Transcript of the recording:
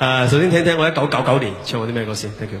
誒、啊，首先聽聽我一九九九年唱過啲咩歌先，thank you。